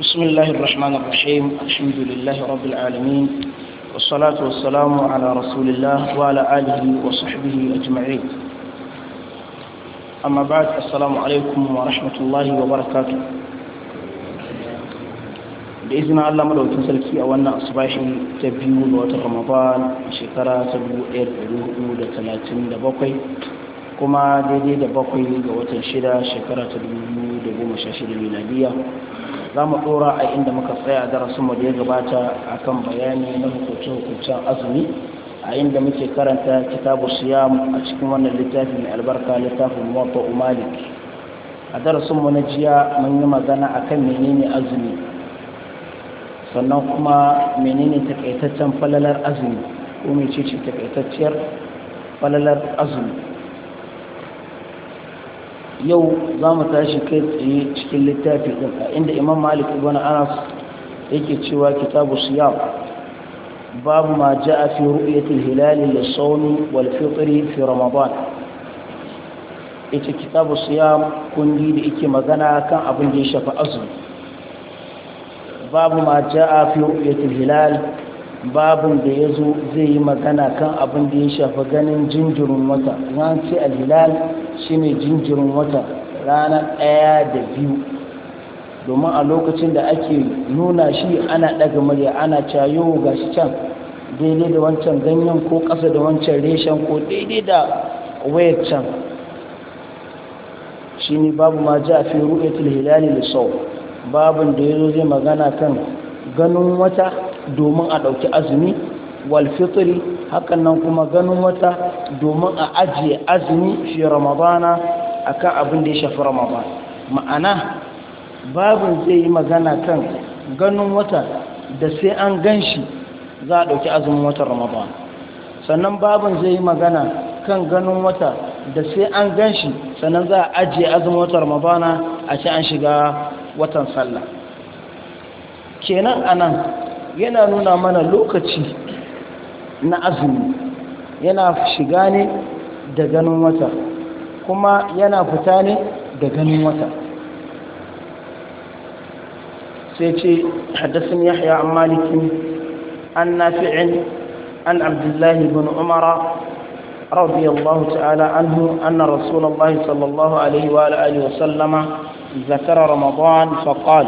بسم الله الرحمن الرحيم الحمد لله رب العالمين والصلاة والسلام على رسول الله وعلى آله وصحبه أجمعين أما بعد السلام عليكم ورحمة الله وبركاته بإذن الله ملو تنسلكي أولنا أصباح تبيو لوات رمضان شكرا تبيو إير بلوه لتلاتين لبقي كما ديدي دبقي لوات الشدة شكرا تبيو دبو مشاشر الميلادية za mu ɗora a inda muka tsaya darasin mu da ya gabata akan bayani na hukuncin azumi a inda muke karanta kitabu siyam a cikin wannan littafi mai albarka littafin muwatta umalik a darasin mu na jiya mun yi magana akan menene azumi sannan kuma menene takaitaccen falalar azumi ko mecece takaitacciyar falalar azumi yau za mu tashi kai cikin littafi inda imam malik ibn anas yake cewa kitabu siyam باب ما جاء في رؤية الهلال للصوم والفطر في رمضان إذا كتاب الصيام كن لي لإكي مغنى كان أبن جيشة فأزم باب ما جاء في رؤية الهلال باب بيزو زي مغنى كان جيشة فغنى جنجر المتا يعني الهلال shine jinjirin wata rana ɗaya da biyu domin a lokacin da ake nuna shi ana ɗaga murya ana cayo ga can daidai da wancan ganyen ko ƙasa da wancan reshen ko daidai da wayar can shi ne babu ma ji a fi ruɗetul hilali da sau babin da ya zo zai magana kan ganin wata domin a ɗauki azumi walfitri hakan nan kuma ganin wata domin a ajiye azumi fi ramadana akan abin da ya shafi ramadana ma'ana babin zai yi magana kan ganin wata da sai an gan shi za a ɗauki azumin watan ramadana sannan babin zai yi magana kan ganin wata da sai an gan shi sannan za a ajiye azumin watan ramadana a ce an shiga watan sallah kenan anan yana nuna mana lokaci na azumi yana shiga ne da ganin wata kuma yana fita ne da ganin wata sai ce haddasin yahya an maliki an nafi'in an abdullahi bin umara رضي الله تعالى عنه أن رسول الله صلى الله عليه وآله وسلم ذكر رمضان فقال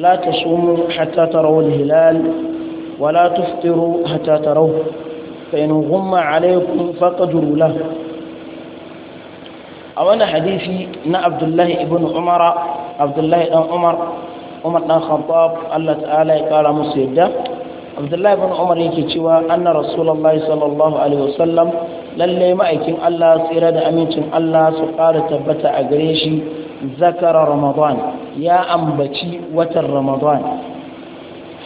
لا تصوموا حتى تروا الهلال ولا تفطروا حتى تروه فإن غم عليكم فقدروا له a wani hadisi na abdullahi ibn umara abdullahi dan umar umar dan khattab Allah ta'ala ya kara musu yadda abdullahi ibn umar yake cewa anna rasulullahi sallallahu alaihi wasallam lalle ma'aikin Allah tsira da amincin Allah su ƙara tabbata a gare shi zakara ramadan ya ambaci watan ramadan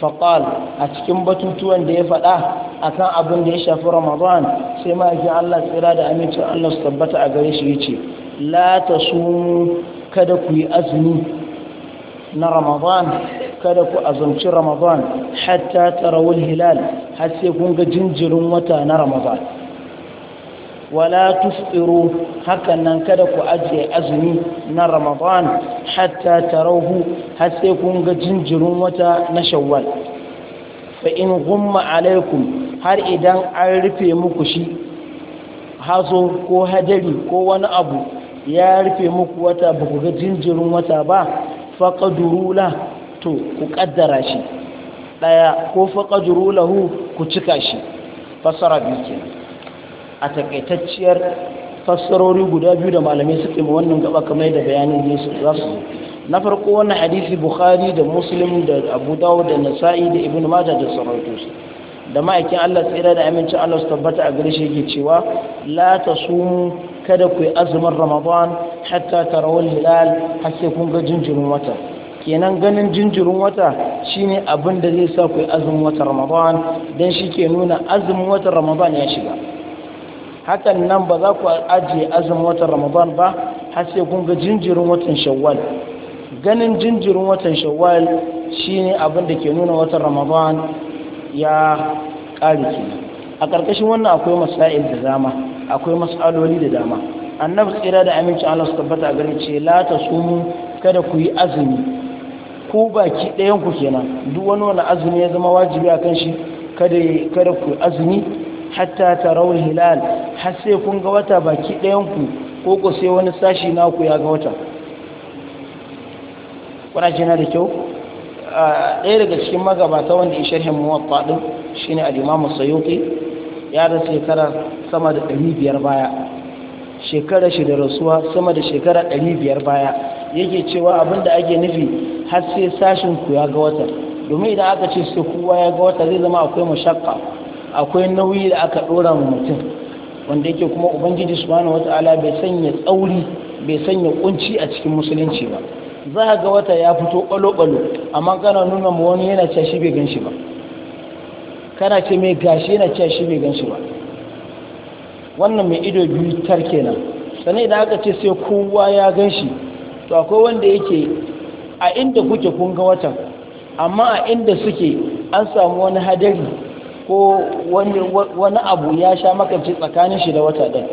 faƙal a cikin batutuwan da ya faɗa akan abin da ya shafi ramadan sai ma'aikin allah tsira da amincin allah su tabbata a gare shi ya ce la ta kada ku yi azumi na ramadan kada ku azumci ramadan hatta tarawul hilal har sai kun ga jinjirin wata na ramadan wala tuftiru hakan nan kada ku ajiye azumi na ramadan hatta tarahu har sai kun ga jinjirin wata na shawwal fa in gumma alaikum har idan an rufe muku shi hazo ko hajari ko wani abu ya rufe muku wata ba ku ga jinjirin wata ba faqaduru la to ku kaddara shi daya ko faqaduru ku cika shi fasara bikin. kenan a takaitacciyar fassarori guda biyu da malamai suke ma wannan gaba kamar da bayanin ne su za su na farko wannan hadisi bukhari da muslim da abu dawud da nasa'i da ibn majah da sarautu da ma'aikin allah tsira da amincin allah su tabbata a gare shi yake cewa la mu kada ku azumin ramadan hatta tarawul hilal har sai kun ga jinjirin wata kenan ganin jinjirin wata shine abin da zai sa ku azumin wata ramadan dan shi ke nuna azumin wata ramadan ya shiga hakan nan ba za ku ajiye azumin watan ramadan ba har sai kun ga jinjirin watan shawwal ganin jinjirin watan shawwal shine abin da ke nuna watan ramadan ya ƙare kenan a ƙarƙashin wannan akwai masail da dama akwai mas'aloli da dama annabi tsira da aminci Allah su tabbata a garin ce la ta sumu kada ku yi azumi ku baki ɗayan ku kenan duk wani wani azumi ya zama wajibi a kan shi kada kada ku azumi hatta tarau hilal har sai kun ga wata baki ɗayan ku ko ko sai wani sashi naku ya ga wata kuna jina da kyau ɗaya daga cikin magabata wanda ya sharhin muwatta din shine al-Imam Sayyuti ya da shekara sama da 500 baya shekara shi da rasuwa sama da shekara 500 baya yake cewa abinda ake nufi har sai sashin ku ya ga wata domin idan aka ce sai kowa ya ga wata zai zama akwai mashakka akwai nauyi da aka ɗora wa mutum wanda yake kuma ubangiji subhanahu wataala bai sanya tsauri bai sanya kunci a cikin musulunci ba za a ga wata ya fito ƙwalo-ƙwalo amma kana nuna ma wani yana cashi bai gan shi ba kana ce mai gashi yana cashi bai gan shi ba wannan mai ido biyu tar kenan sannan idan aka ce sai kowa ya gan shi to akwai wanda yake a inda kuke kun ga watan amma a inda suke an samu wani hadari ko wani abu ya sha makamci tsakanin shi da wata ɗan.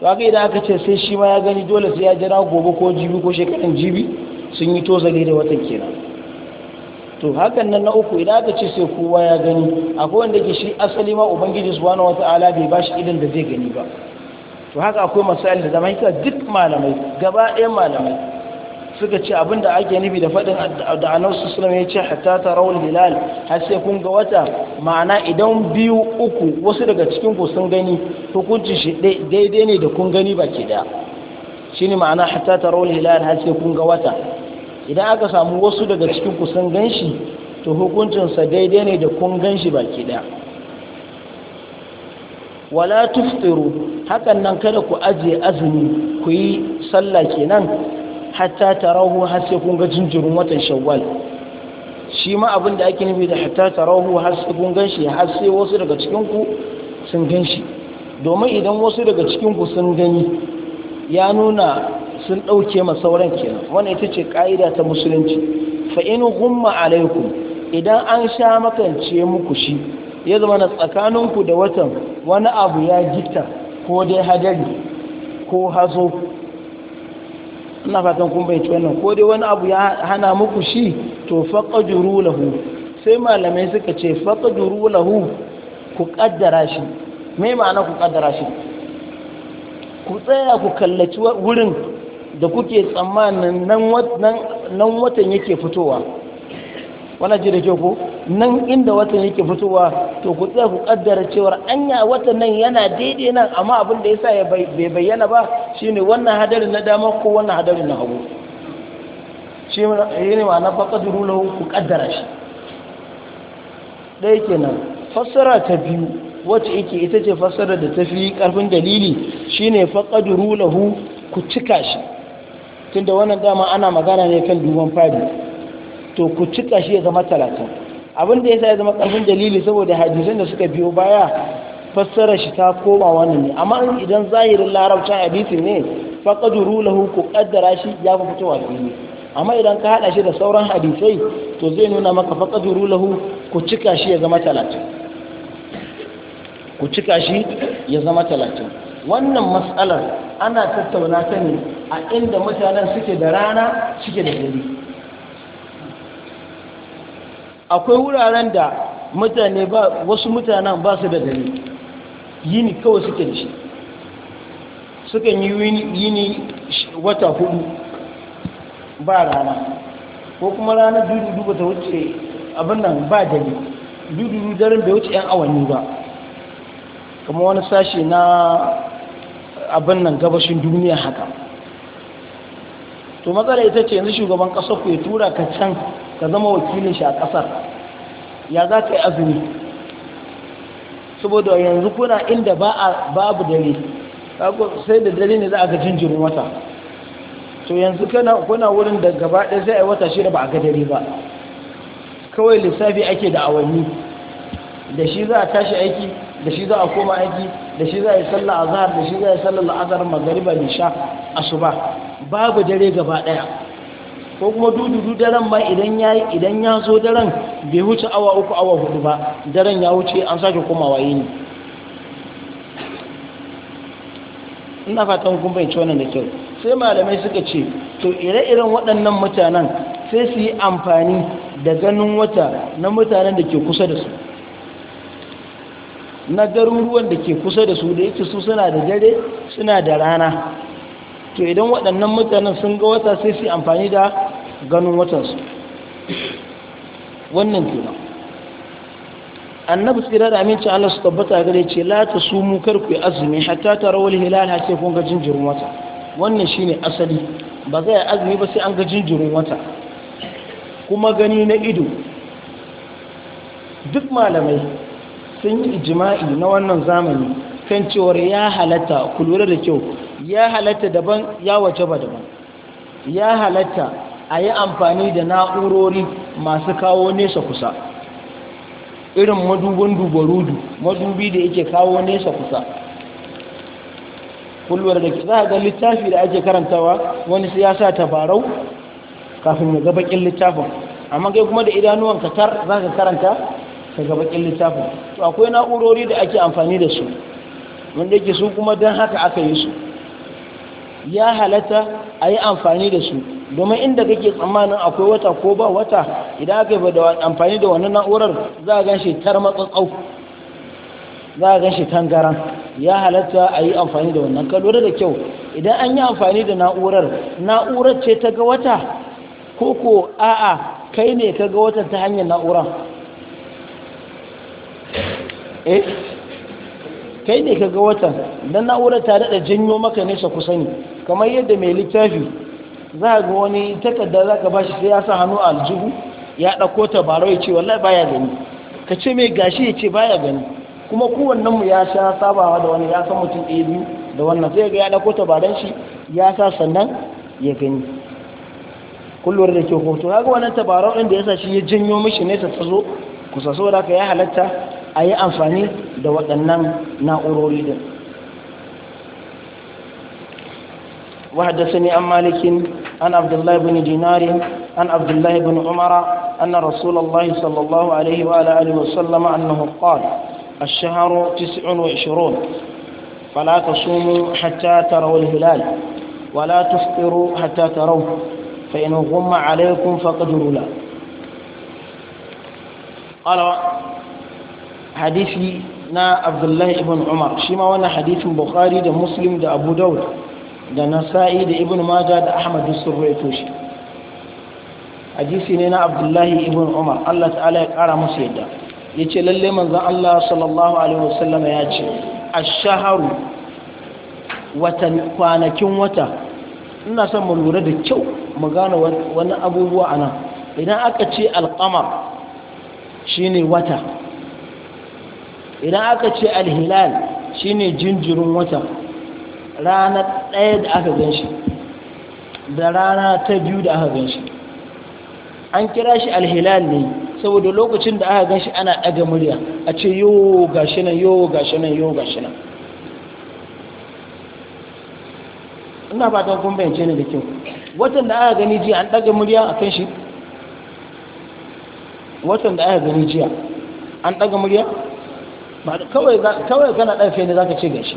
to haka idan aka ce sai shi ma ya gani dole sai ya jira gobe ko jibi ko shekaran jibi sun yi zage da watan kenan to hakan nan na uku idan aka ce sai kowa ya gani akwai wanda ke shi asali ma ubangiji wata ala bai ba shi idan da zai gani ba to haka akwai masail da zama duk malamai gaba ɗayan malamai suka ce abinda ake nufi da faɗin da annabi sallallahu ya ce hatta tarawul hilal har sai kun ga wata ma'ana idan biyu uku wasu daga cikin ku sun gani hukuncin shi daidai ne da kun gani baki daya shine ma'ana hatta tarawul hilal har sai kun ga wata idan aka samu wasu daga cikin ku sun ganshi to hukuncin sa daidai ne da kun ganshi baki daya wala tuftiru hakan nan kada ku ajiye azumi ku yi sallah kenan hatta tarahu har sai kun ga jinjirin watan shawwal shi ma abin da ake nufi da hatta tarahu har sai kun gan har sai wasu daga cikin ku sun gan domin idan wasu daga cikin ku sun gani ya nuna sun dauke ma sauran kenan wannan ita ce ka'ida ta musulunci fa in gumma alaikum idan an sha makance muku shi ya zama na ku da watan wani abu ya gita ko dai hadari ko hazo ina fatan kun bai wannan ko dai wani abu ya hana muku shi to faqaduru lahu sai malamai suka ce faqaduru lahu ku kaddara shi me ma'ana ku ƙaddara shi ku tsaya ku kallaci wurin da kuke tsammanin nan watan yake fitowa wannan ji da ke ku nan inda watan yake fitowa to ku tsaya ku kaddara cewar anya watan nan yana daidai nan amma abin da yasa ya bai bayyana ba shine wannan hadarin na dama ko wannan hadarin na hagu shi ne ma na faqadru lahu ku kaddara shi dai kenan fassara ta biyu wacce yake ita ce fassara da tafi karfin dalili shine faqadru lahu ku cika shi tunda wannan dama ana magana ne kan duban fadi to ku cika shi ya zama talatin abin da ya ya zama karfin dalili saboda hadisun da suka biyo baya fassara shi ta koma wannan ne amma idan zahirin larabcin hadisun ne faƙadu lahu ku ƙaddara shi ya fi fitowa da amma idan ka haɗa shi da sauran hadisai to zai nuna maka faƙadu lahu ku cika shi ya zama talatin. ku cika shi ya zama talatin wannan matsalar ana tattauna ta ne a inda mutanen suke da rana suke da dare akwai wuraren da mutane ba wasu mutanen ba su da gari yini kawai suke da shi sukan yi yini wata hudu ba rana ko kuma rana dudu ba ta wuce abin nan ba dare dudu daren bai wuce 'yan awanni ba kuma wani sashi na abin nan gabashin duniya haka to matsala ita ce yanzu shugaban ƙasar ku ya tura ka can ka zama wakilin shi a ƙasar ya za ka yi azumi saboda yanzu kuna inda babu dare sai da dare ne za a ga jinjirin wata to yanzu kuna wurin da gaba ɗaya sai a yi wata shida ba a ga dare ba kawai lissafi ake da awanni da shi za a tashi aiki da shi za a koma aiki da shi za a yi sallah azhar da shi za a yi sallah al'azhar magariba nisha asuba babu dare gaba ɗaya ko kuma dududu daren ma idan ya idan ya zo daren bai wuce awa uku awa hudu ba daren ya wuce an sake waye yini ina fatan kun bayyance wannan da kyau sai malamai suka ce to ire-iren waɗannan mutanen sai su yi amfani da ganin wata na mutanen da ke kusa da su na garuruwan da ke kusa da su da yake su suna da dare suna da rana to idan waɗannan mutanen sun ga wata sai su amfani da ganin watansu wannan tuna annabi tsira da aminci Allah su tabbata gare ce lati su sumu kar ku azumi hatta ta rawar hilal ha sai kun jinjirin wata wannan shi ne asali ba zai azumi ba sai an ga jinjirin wata kuma gani na ido duk malamai sun yi jima'i na wannan zamani kan cewar ya halatta ku lura da kyau ya halatta daban ya waje ba daban ya halatta a yi amfani da na'urori masu kawo nesa kusa irin madubin dubarudu madubi da yake kawo nesa kusa kulwar da za ga littafi da ake karantawa wani siyasa tabarau kafin ya gabakin littafin amma kai kuma da idanuwan katar za ka karanta ka gabakin littafin to akwai na'urori da ake amfani da su wanda yake su kuma don haka aka yi su ya halatta a yi amfani da su domin inda kake tsammanin akwai wata ko ba wata idan aka yi amfani da wannan na'urar za a ganshi tar matsatsau za a ganshi tangaran ya halatta a yi amfani da wannan ka da kyau idan an yi amfani da na'urar na'urar ce ta ga wata ko ko a'a kai ne ka ga watan ta hanyar na'urar eh, kai ne ka ga watan don na'urar ta daɗa janyo maka nesa kusa ne kamar yadda mai littafi za a ga wani takarda za ka bashi sai ya sa hannu a aljihu ya ɗauko ta baro ya ce wallahi baya gani ka ce mai gashi ya ce baya gani kuma kowannenmu ya sha sabawa da wani ya san mutum ɗaya biyu da wannan sai ga ya ɗauko ta baron shi ya sa sannan ya gani kullum da ke hoto ya ga wannan tabarau ɗin da ya sa shi ya janyo mishi ne ta tazo kusa saboda ka ya halatta a yi amfani da waɗannan na'urori din وحدثني عن مالك عن عبد الله بن دينار عن عبد الله بن عمر أن رسول الله صلى الله عليه وعلى آله وسلم أنه قال الشهر تسع وعشرون فلا تصوموا حتى تروا الهلال ولا تفطروا حتى تروه فإن غم عليكم فقدروا له قال حديثي نا عبد الله بن عمر شيما وانا حديث بخاري ده مسلم ده أبو داود da nasa'i da ibn maja da ahmad sun rawaito shi hadisi ne na abdullahi ibn umar allah ta'ala ya kara musu yadda ya ce lalle manzan allah sallallahu alaihi wasallam ya ce a watan kwanakin wata ina son mu lura da kyau mu gane wani abubuwa a nan idan aka ce alkamar shine wata idan aka ce hilal shine jinjirin wata ranar ɗaya da aka gan shi da rana ta biyu da aka gan shi an kira shi alhilal ne saboda lokacin da aka gan shi ana ɗaga murya a ce yo gashi nan yo gashi nan yo gashi nan ina fatan kun bayance ne da kyau watan da aka gani jiya an ɗaga murya a kan shi watan da aka gani jiya an ɗaga murya kawai kana fiye ne za ka ce gashi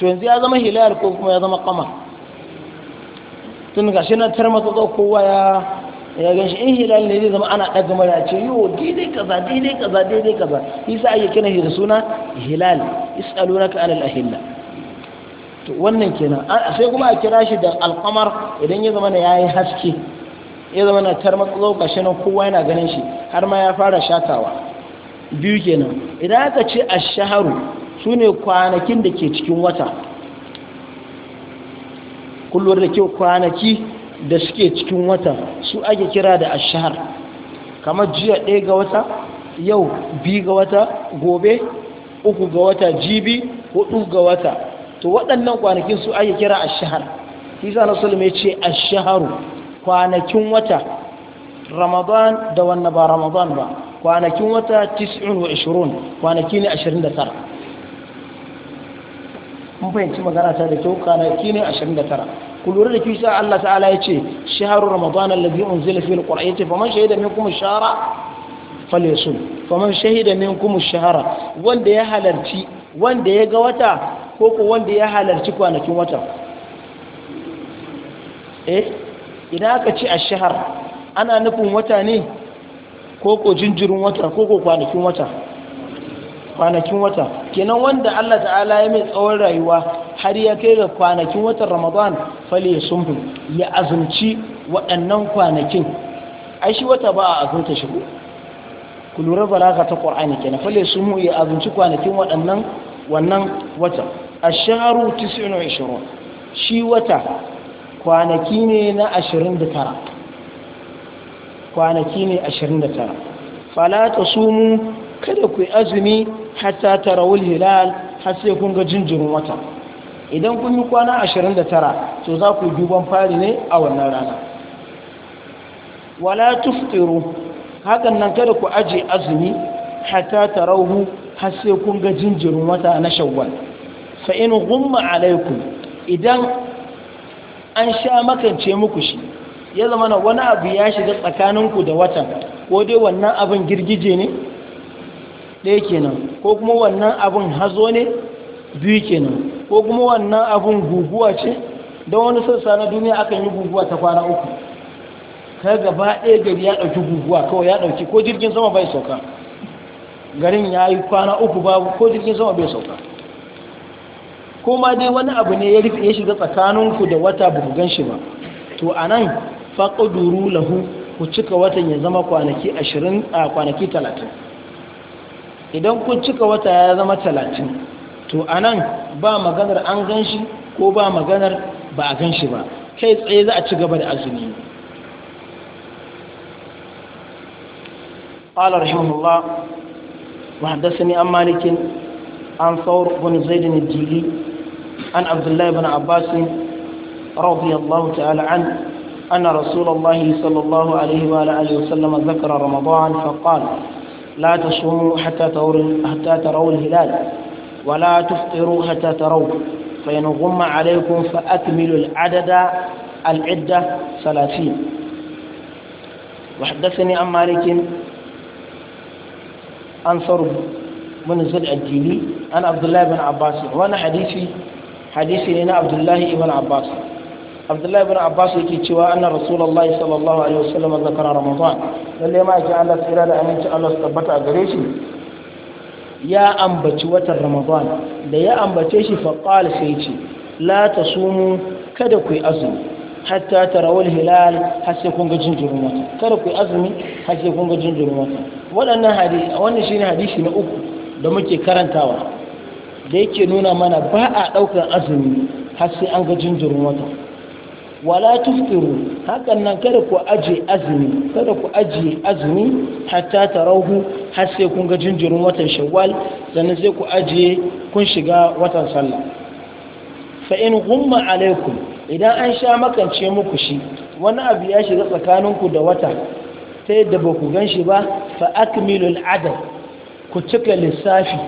to yanzu ya zama hilal ko kuma ya zama kamar tun gashi na tarmata ga kowa ya ya ganshi in eh, hilal ne zai zama ana ɗaga mara ce yiwu daidai kaza daidai kaza daidai kaza isa ake kina hira suna hilal is'aluna ka anil ahilla to wannan kenan sai kuma a kira shi da alkamar idan ya zama na yayi haske ya zama na tarmata ga gashi na kowa yana ganin shi har ma ya fara shatawa biyu kenan idan aka ce a shahru su ne kwanakin da ke cikin wata kullum da ke kwanaki da suke cikin wata su ake kira da ashahar kamar jiya ɗaya ga wata yau biyu ga wata gobe uku ga wata jibi hudu ga wata to waɗannan kwanakin su ake kira ashahar isa na sulme ce ashaharu kwanakin wata ramadan da wannan ba ramadan ba kwanakin wata 29 kwanaki ne 29 mun fahimci magana ta da kyau kwanaki ne 29 ku lura da kyau sai Allah ta'ala ya ce ramadan allazi unzila fihi alquran fa man shahida minkum ash-shahra falyasum man shahida minkum ash-shahra wanda ya halarci wanda ya ga wata ko ko wanda ya halarci kwanakin wata eh idan aka ce ash-shahr ana nufin wata ne ko ko jinjirin wata ko ko kwanakin wata kwanakin wata kenan wanda Allah ta'ala ya mai tsawon rayuwa har ya kai ga kwanakin watan ramadan fali ya sumbu ya azumci waɗannan kwanakin ai shi wata ba a azumta shi ku ku lura balaga ta qur'ani kenan fali ya sumbu ya azumci kwanakin waɗannan wannan wata ash-shahru 29 shi wata kwanaki ne na 29 kwanaki ne 29 fala sumu. kada ku azumi hatta tarawul hilal har sai kun ga jinjirin wata idan kun yi kwana 29 to za ku duban fari ne a wannan rana wala tuftiru hakan nan kada ku aje azumi hatta tarahu har sai kun ga jinjirin wata na shawwal fa in gumma idan an sha makance muku shi ya zama na wani abu ya shiga tsakaninku da watan ko dai wannan abin girgije ne ɗaya kenan ko kuma wannan abin hazo ne biyu kenan ko kuma wannan abin guguwa ce don wani sassa na duniya akan yi guguwa ta kwana uku ka gaba ɗaya gari ya ɗauki guguwa kawai ya ɗauki ko jirgin sama bai sauka garin ya yi kwana uku babu ko jirgin sama bai sauka ko ma dai wani abu ne ya rufe ya shiga tsakaninku da wata ba gan shi ba to a nan duru lahu ku cika watan ya zama kwanaki ashirin a kwanaki talatin idan kun cika wata ya zama talatin to a nan ba maganar an gan shi ko ba maganar ba a ganshi ba kai tsaye za a ci gaba da azumi ƙalar shimullah ba da sani an malikin an saurin wani zaidan jili an abdullahi bin abbasin radiyallahu ta'ala an أن رسول الله صلى الله عليه وآله وسلم ذكر رمضان فقال لا تصوموا حتى تروا حتى تروا الهلال ولا تفطروا حتى تروا فإن غم عليكم فأكملوا العدد العدة ثلاثين وحدثني عن مالك عن من بن زرع الديني عن عبد الله بن عباس وانا حديثي حديثي لنا عبد الله بن عباس abdullahi bin abbas yake cewa anna rasulullahi sallallahu alaihi wasallam zakara ramadan lalle ma yake Allah tsira da aminci Allah su tabbata a gare shi ya ambaci watan ramadan da ya ambace shi fa qala sai ce la tasumu kada ku yi azumi hatta tarawul hilal har sai kun ga jinjirin wata kada ku azumi har sai kun ga jinjirin wata waɗannan hadisi wannan shine hadisi na uku da muke karantawa da yake nuna mana ba a ɗaukar azumi har sai an ga jinjirin wata wala tuftiru hakan nan kada ku aje azumi kada ku aje azumi hatta tarahu har sai kun ga jinjirin watan shawwal sannan sai ku aje kun shiga watan sallah fa in gumma alaikum idan an sha makance muku shi wani abu ya shiga tsakanin ku da wata ta yadda ba ku gan shi ba fa akmilul adad ku cika lissafi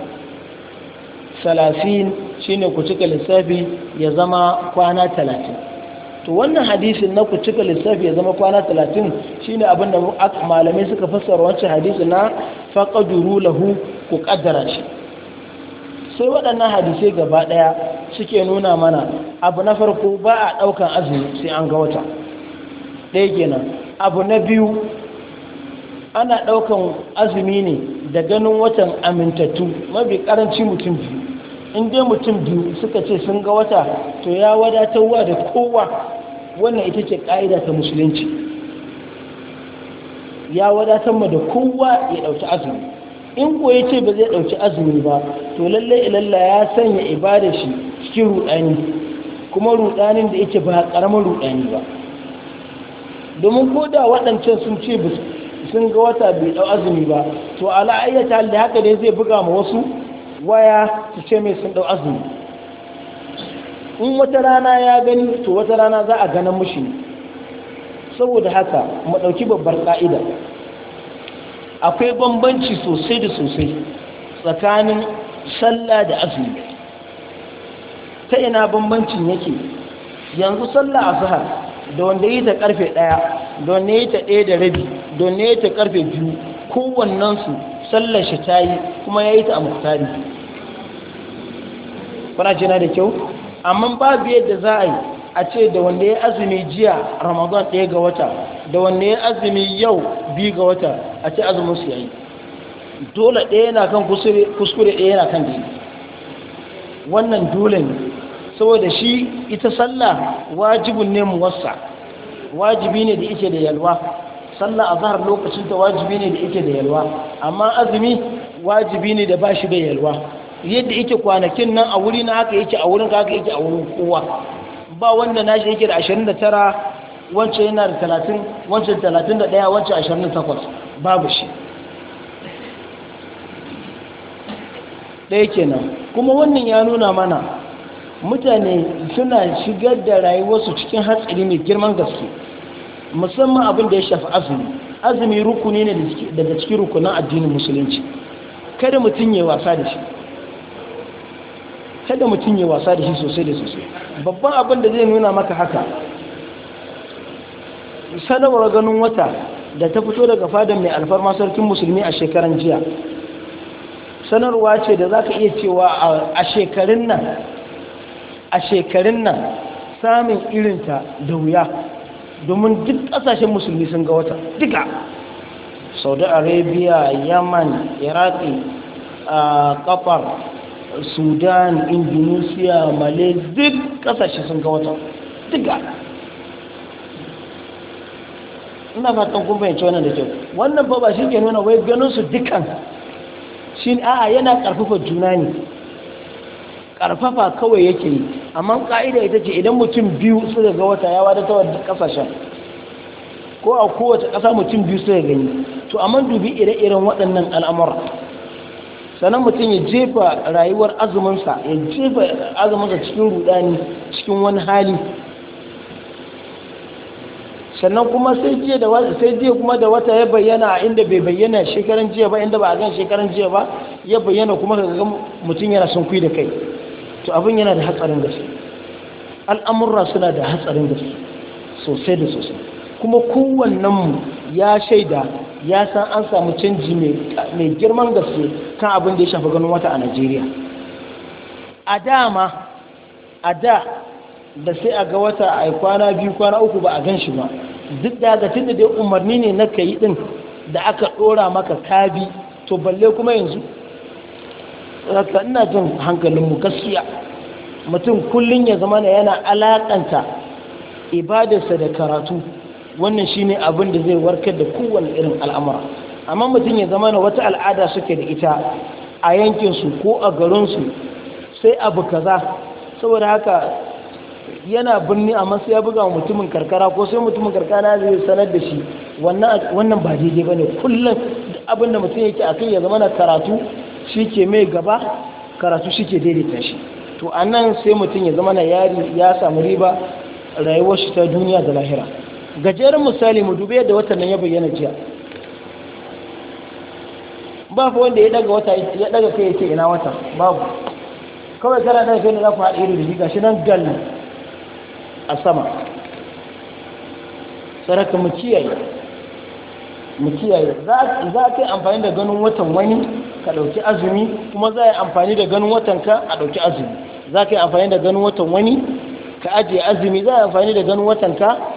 salasin shine ku cika lissafi ya zama kwana talatin to wannan hadisin na ku cika lissafi ya zama kwana 30 shine abin da malamai suka fassara wancan hadisin na faqaduru lahu ku kaddara shi sai waɗannan hadisai gaba ɗaya suke nuna mana abu na farko ba a ɗaukan azumi sai an ga wata ɗaya kenan abu na biyu ana ɗaukan azumi ne da ganin watan amintattu mafi ƙaranci mutum biyu in dai mutum biyu suka ce sun ga wata to ya wadatarwa da kowa wannan ita ce ƙa'ida ta musulunci ya wadatar ma da kowa ya ɗauki azumi in ko ya ce ba zai ɗauki azumi ba to lallai ilalla ya sanya ibada shi cikin rudani, kuma ruɗanin da yake ba ƙaramin rudani ba domin ko da waɗancan sun ce sun ga wata bai ɗau azumi ba to ala'ayyata da haka ne zai buga ma wasu waya su ce mai sun ɗau azumi in wata rana ya gani to wata rana za a ganin mushi saboda haka mu ɗauki babbar ƙa'ida akwai bambanci sosai da sosai tsakanin sallah da azumi ta ina bambancin yake yanzu sallah azhar da wanda yi ta karfe ɗaya da wanda yi ta ɗaya da rabi da wanda yi ta karfe biyu su sallar shi ta yi kuma ya yi ta a muktari kuna jina da kyau amma babu yadda za a yi a ce da wanda ya azumi jiya ramadan ɗaya ga wata da wanda ya azumi yau biyu ga wata a ce azumin su yayi dole ɗaya yana kan kuskure ɗaya yana kan daidai wannan dole ne saboda shi ita sallah wajibin ne mu wasa. wajibi ne da yake da yalwa sallah a lokacin ta wajibi ne da yake da yalwa amma azumi wajibi ne da ba shi da yalwa yadda yake kwanakin nan a wuri na haka yake a wurin ka haka yake a wurin kowa ba wanda nashi yake da 29 wancan yana da 30 wancan 31 wancan 28 babu shi ɗaya kenan kuma wannan ya nuna mana mutane suna shigar da rayuwarsu cikin hatsari mai girman gaske musamman abin da ya shafi azumi azumi rukuni ne daga cikin rukunan addinin musulunci kada mutum ya wasa da shi kada mutum cinye wasa da shi sosai da sosai babban abin da zai nuna maka haka sanarwar ganin wata da ta fito daga fadar mai alfarma sarkin musulmi a shekaran jiya sanarwa ce da za ka iya cewa a shekarun nan a shekarun nan samun irinta da wuya domin duk ƙasashen musulmi sun ga wata duka saudi arabia yaman iraki a kafar sudan indonesia malay duk kasashe sun ga wata duka ina fatan kuma bayyance wannan da kyau wannan ba ba shi ke nuna wai ganin su dukkan shi a'a yana karfafa juna ne karfafa kawai yake yi amma ka'ida ita ce idan mutum biyu suka ga wata ya ta wadda kasashen ko a kowace ƙasa mutum biyu suka gani to amma dubi ire-iren waɗannan al'amura sannan mutum ya jefa rayuwar azuminsa ya jefa azuminsa cikin rudani cikin wani hali sannan kuma sai jiya kuma da wata ya bayyana a inda bai bayyana shekaran jiya ba inda ba a gan shekaran jiya ba ya bayyana kuma ka ga mutum yana sun kui da kai to abin yana da hatsarin gaske al'amurra suna da hatsarin gaske sosai da sosai kuma kowannenmu ya shaida ya san an samu canji mai girman gaske kan abin da ya shafi ganin wata a najeriya a dama a da da sai a ga wata a yi kwana biyu kwana uku ba a gan shi ba duk da ga tun da dai umarni ne na kayi din da aka dora maka kabi to balle kuma yanzu ina jin hankalin mu gaskiya mutum kullum ya zama yana alakanta ibadarsa da karatu wannan shine abin da zai warkar da kowane irin al'amura amma mutum ya zama na wata al'ada suke da ita a yankinsu ko a garinsu sai abu kaza saboda haka yana birni amma sai ya buga wa mutumin karkara ko sai mutumin karkara zai sanar da shi wannan ba daidai ba ne kullum abin da mutum yake a kai ya zama na karatu shi ke mai gaba karatu shi ke daidaita shi to a nan sai mutum ya zama na yari ya samu riba rayuwar shi ta duniya da lahira gajeren misali mu dube yadda watan nan ya bayyana jiya ba fa wanda ya daga wata ya daga kai yake ina wata babu kawai kana da kai ne za ku haɗe iri da shi nan gal a sama saraka mu kiyaye mu kiyaye za ka yi amfani da ganin watan wani ka ɗauki azumi kuma za a yi amfani da ganin watan ka a ɗauki azumi za ka yi amfani da ganin watan wani ka ajiye azumi za a yi amfani da ganin watan ka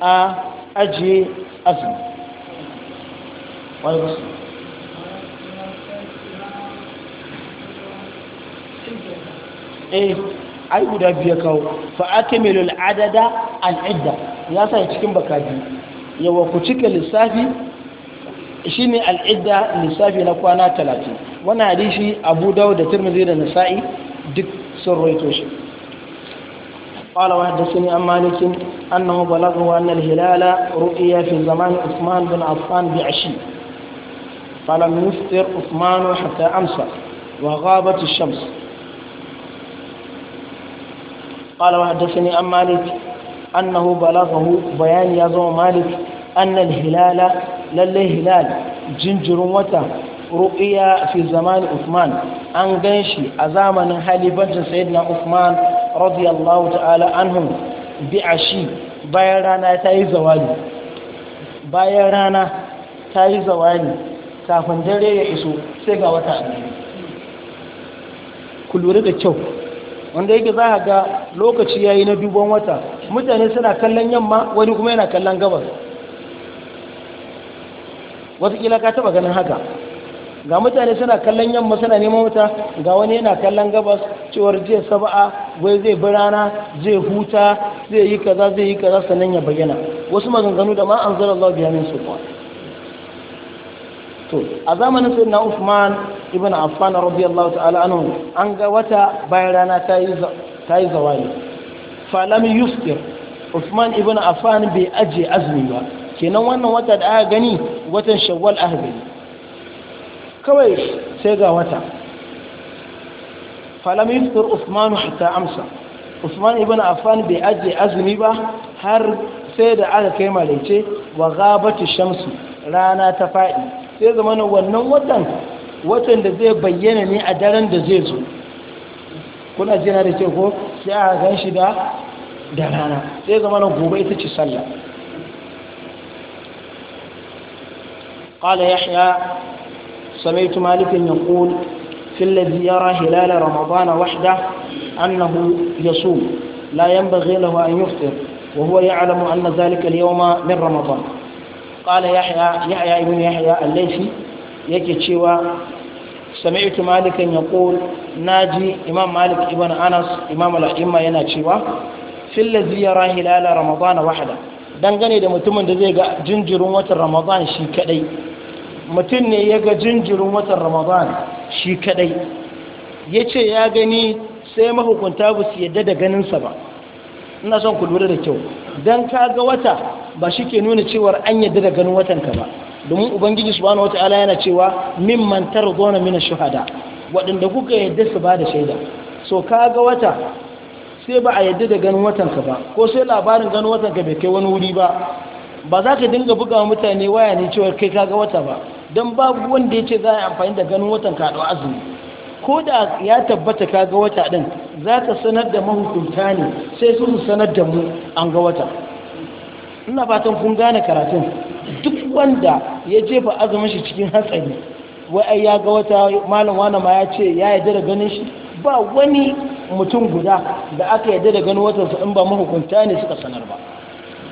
a ajiye azumi wani musu eh ai guda biya kawo fa'akimilul adada al'idda ya sa cikin baka biyu yawa ku cika lissafi shi ne al'idda lissafi na kwana talatin wani hadishi abu dawo da zai da nasa'i duk sun roito shi قال وحدثني عن مالك أنه بلغه أن الهلال رؤي في زمان عثمان بن عفان بعشي فلم يفطر عثمان حتى أمسى وغابت الشمس قال وحدثني عن مالك أنه بلغه بيان يزوم مالك أن الهلال للي هلال جنجر وتا رؤيا في زمان عثمان أن قنشي أزامن حالي بجن سيدنا عثمان radiyallahu ta'ala anhum bi ashi bayan rana ta yi zawali bayan rana ta yi zawali kafin dare ya iso sai ga wata ku lura da kyau wanda yake za ga lokaci ya yi na duban wata mutane suna kallon yamma wani kuma yana kallon gabas kila ka taba ganin haka ga mutane suna kallon yamma suna neman wuta ga wani yana kallon gabas cewar jiya saba'a wai zai bi rana, zai huta zai yi kaza zai yi kaza sannan ya bayyana wasu maganganu da ma an zara Allah biya min sufa to a zamanin sayyidina Uthman ibn Affan radiyallahu ta'ala anhu an ga wata bayan rana ta yi ta yi zawali Ufman Uthman ibn Affan bai ajiye azumi ba kenan wannan wata da aka gani watan Shawwal aka kawai sai ga wata falam yuftar usmanu hatta amsa usman ibn affan bai ajiye azumi ba har sai da aka kai malaice wa ghabatu shamsu rana ta fadi sai zamanin wannan watan watan da zai bayyana ne a daren da zai zo kuna jina da ke sai a gan shi da rana sai zama na gobe ita ce sallah qala yahya سمعت مالك يقول في الذي يرى هلال رمضان وحده أنه يصوم لا ينبغي له أن يفطر وهو يعلم أن ذلك اليوم من رمضان قال يحيى يحيى بن يحيى الليثي yake cewa sami'tu malikan yaqul naji imam malik ibn anas imam al yana cewa fil ladhi yara hilala dangane da mutumin da zai ga jinjirin watan ramadan shi kadai mutum ne ya ga jinjirin watan ramadan shi kadai ya ce ya gani sai mahukunta ba su yadda da ganinsa ba ina son ku lura da kyau don ka ga wata ba shi ke nuna cewar an yadda da ganin watanka ba domin ubangiji su subhanahu wata'ala yana cewa min mantar zona mina shahada. waɗanda kuka yadda su ba da shaida so ka ga wata sai ba a yadda da ganin watanka ba ko sai labarin ganin watanka bai kai wani wuri ba ba za ka dinga buga mutane waya ne cewar kai ka ga wata ba don babu wanda ya ce za a yi amfani da ganin watan kaɗo azumi ko da ya tabbata ka ga wata ɗin za ka sanar da mahukunta ne sai su sanar da mu an ga wata ina fatan kun gane karatun duk wanda ya jefa azumin shi cikin hatsari wai ai ya ga wata malam wani ma ya ce ya yarda da ganin shi ba wani mutum guda da aka yarda da ganin watansa in ba mahukunta ne suka sanar ba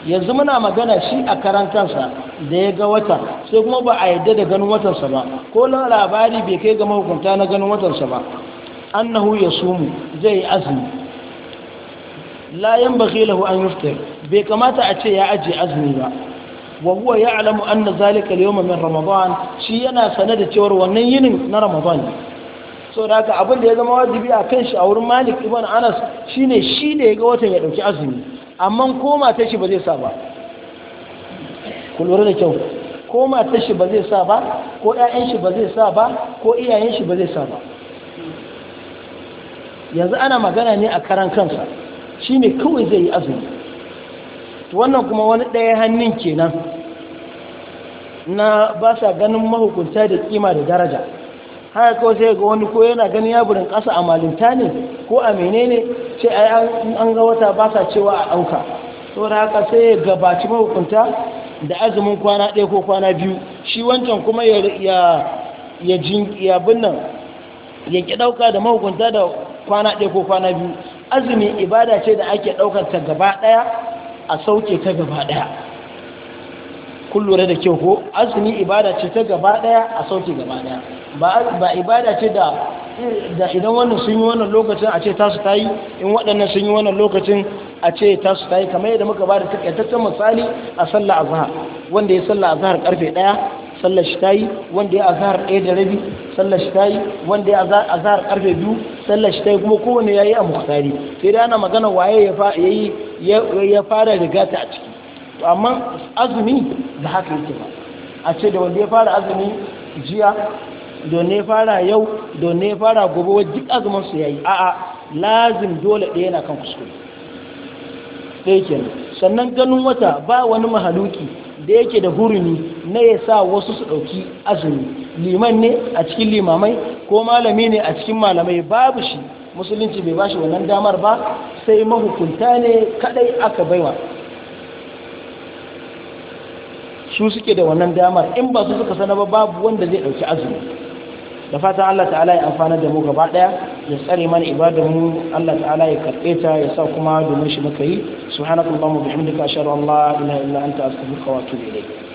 yanzu muna magana shi a karan kansa da ya ga wata sai kuma ba a yadda da ganin watansa ba ko labari bai kai ga mahukunta na ganin watansa ba annahu ya sumu zai azumi Layan Bakilahu baki lahu an yuftar bai kamata a ce ya ajiye azumi ba wa huwa ya'lamu anna zalika al-yawma min ramadan shi yana sane da cewar wannan yinin na ramadan so da haka abin da ya zama wajibi a kan shi a wurin malik ibn anas shine shi ne ya ga watan ya ɗauki azumi amma ko ta shi ba zai sa ba ku da kyau ko ta shi ba zai sa ba ko ƴaƴan shi ba zai sa ba ko iyayen shi ba zai sa ba yanzu ana magana ne a karan kansa shi ne kawai zai yi azumi to wannan kuma wani ɗaya hannun kenan na ba sa ganin mahukunta da kima da daraja haka kawai sai ga wani ko yana ganin yaburin ƙasa a malinta ne ko a menene ce ai an ga wata ba sa cewa a ɗauka saboda haka sai ya gabaci mahukunta da azumin kwana ɗaya ko kwana biyu shi wancan kuma ya ya ya binnan ya ƙi ɗauka da mahukunta da kwana ɗaya ko kwana biyu azumi ibada ce da ake ɗaukar ta gaba ɗaya a sauke ta gaba ɗaya kun lura da kyau ko azumi ibada ce ta gaba ɗaya a sauke gaba ɗaya ba ibada ce da da idan wannan sun yi wannan lokacin a ce tasu ta yi in waɗannan sun yi wannan lokacin a ce tasu ta yi kamar yadda muka ba da takaitaccen misali a sallah azhar wanda ya sallah azhar karfe ɗaya sallar shi ta yi wanda ya azhar ɗaya da rabi sallar shi ta yi wanda ya azhar karfe biyu sallar shi ta yi kuma kowane ya yi a muhtari sai da ana magana waye ya fara riga ta a ciki amma azumi da haka yake ba a ce da wanda ya fara azumi jiya donne fara yau donne fara gobe wa duk azumin su yayi a'a lazim dole ɗaya na kan kuskure sai sannan ganin wata ba wani mahaluki da yake da hurumi na ya sa wasu su ɗauki azumi liman ne a cikin limamai ko malami ne a cikin malamai babu shi musulunci bai bashi wannan damar ba sai mahukunta ne kadai aka baiwa su suke da wannan damar in ba su suka sana ba babu wanda zai ɗauki azumi da fatan Allah ta'ala ya amfana da mu gaba daya ya tsare mana ibadar mu Allah ta'ala ya karbe ta ya sa kuma domin shi muka yi subhanakallahumma bihamdika ashhadu an la ilaha illa anta astaghfiruka wa atubu ilayk